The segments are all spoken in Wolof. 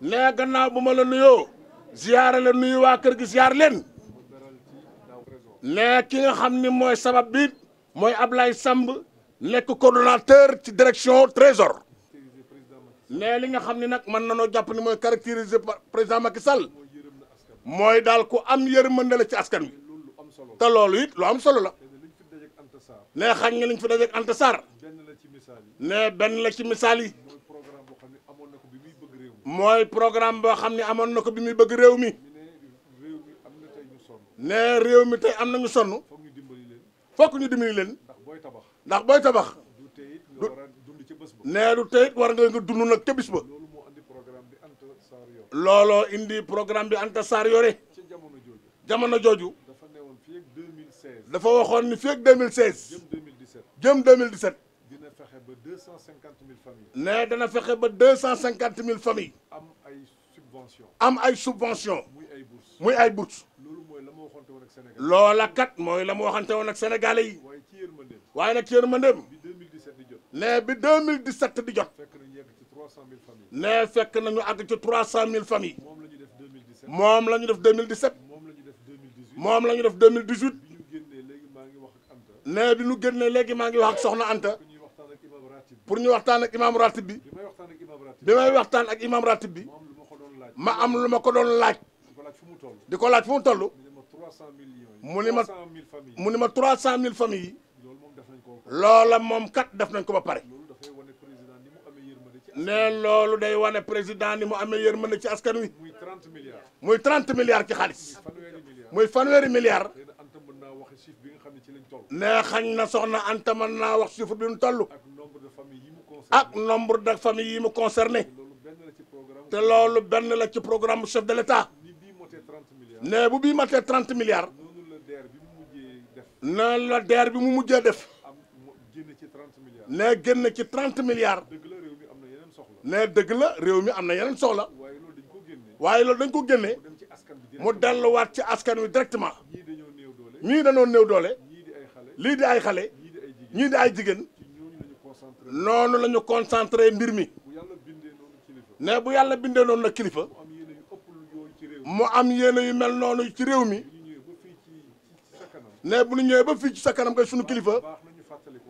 nee gannaaw bu ma la nuyoo ziyaare la nuyu waa kër gi ziyaar leen nee ki nga xam ni mooy sabab bi mooy ab Ablaye Samb nekk coordonnateur ci direction trésor nee li nga xam ni nag mën noo jàpp ni mooy caractériser président Macky Sall mooy daal ku am yërmande la ci askan wi te loolu it lu am solo la nee xañ nga liñ fi dajeeg Anta Sarr ne benn la ci misaal yi mooy programme boo xam ne amoon na ko bi muy bëgg réew mi ne réew mi tey am nañu sonn fokk ñu dimbali leen ndax booy tabax ne du tey war nga nga dund nag ca bis ba looloo indi programme bi Anta Sarr yore jamono jooju dafa waxoon ni fii ak 2016 jëm 2017 fexe ba deux cent cinquante mille familles. ne dana fexe ba deux cent cinquante mille familles. am ay subventions. am ay subventions. muy ay bourses loola kat mooy la ma waxante woon ak sénégalais yi. waaye ci yërmandeem. waaye nag ci bi 2017 di jot. ne di jot. fekk fekk nañu àgg ci trois cent mille familles. moom la ñu def 2017. moom la ñu def 2017. moom la def 2018. moom la ñu def bi ñu génnee léegi maa ngi wax ak Soxna Anta. pour ñu waxtaan ak imaam ratib bi bi may waxtaan ma am lu ma ko doon laaj di ko laaj fu mu toll mu ni ma mu ni ma trois cent mille familles yi loola moom kat def nañ ko ba pare ne loolu day wane président ni mu amee yërmande ci askan wi muy 30 milliards ci xaalis muy fanweeri milliards ne xañ na soxna Anta mën naa wax chiffre bi ñu toll ak nombre de familles yi mu concerné te loolu benn la ci programme chef de l'État ne bu bii matee trente milliards na la DER bi mu mujjee def ne génn ci trente milliards ne dëgg la réew mi am na yeneen soxla waaye loolu dañ ko génne mu delluwaat ci askan wi directement ñii dañoo néew doole lii di ay xale ñii di ay jigéen noonu la ñu concentré mbir mi ne bu yàlla bindee noonu la kilifa mu am yéene yu mel noonu ci réew mi nee bu ñu ñëwee ba fii ci sa kanam kay sunu kilifa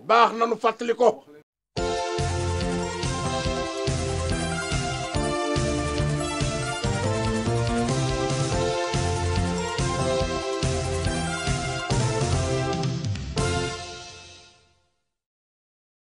baax na ñu fàttali ko.